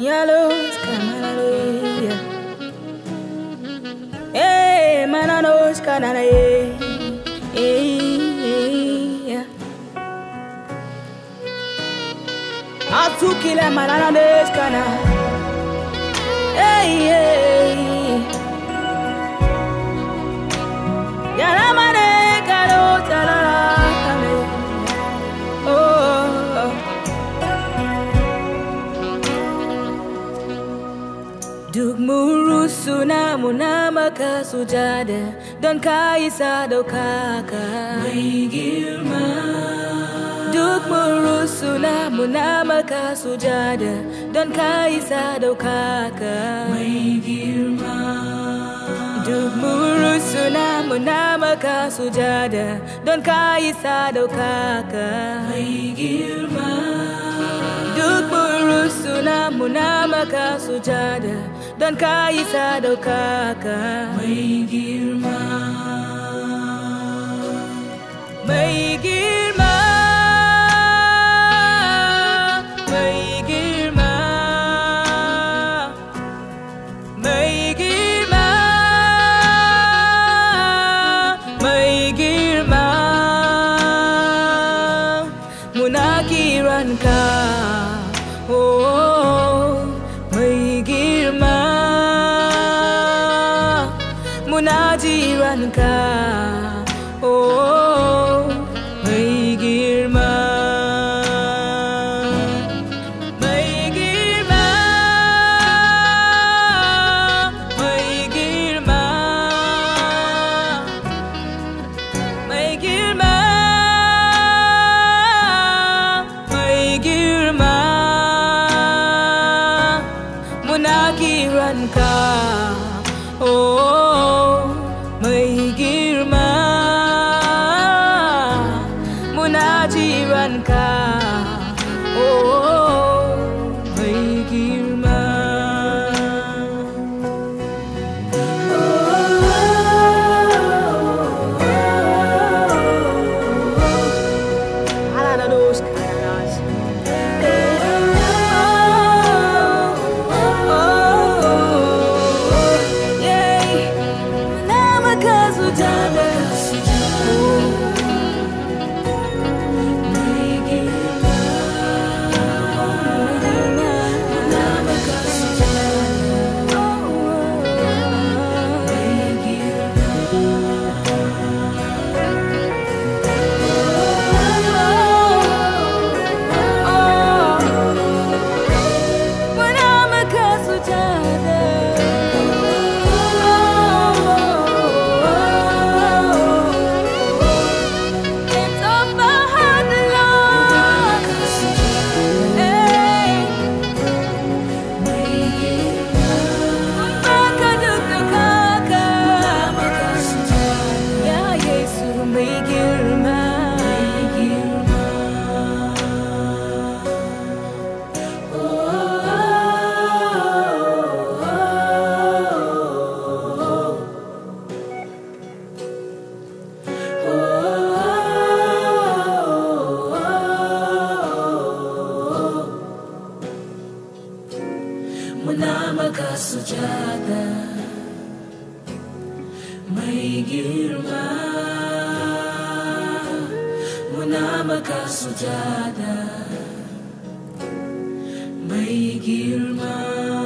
Yellows canale, eh, mananos canale, eh, Atukila mananos canale, eh, eh. Sunamu nama ka sujada Don ka isa dauka Mai girma Duk murusuna mu nama ka sujada Don ka isa dauka Mai girma Duk murusuna mu nama ka sujada Don ka isa dauka Mai girma Duk murusuna mu nama ka sujada don ka yi sadaukaka mai girma mai girma tan ca May girma Muna makasujada May girma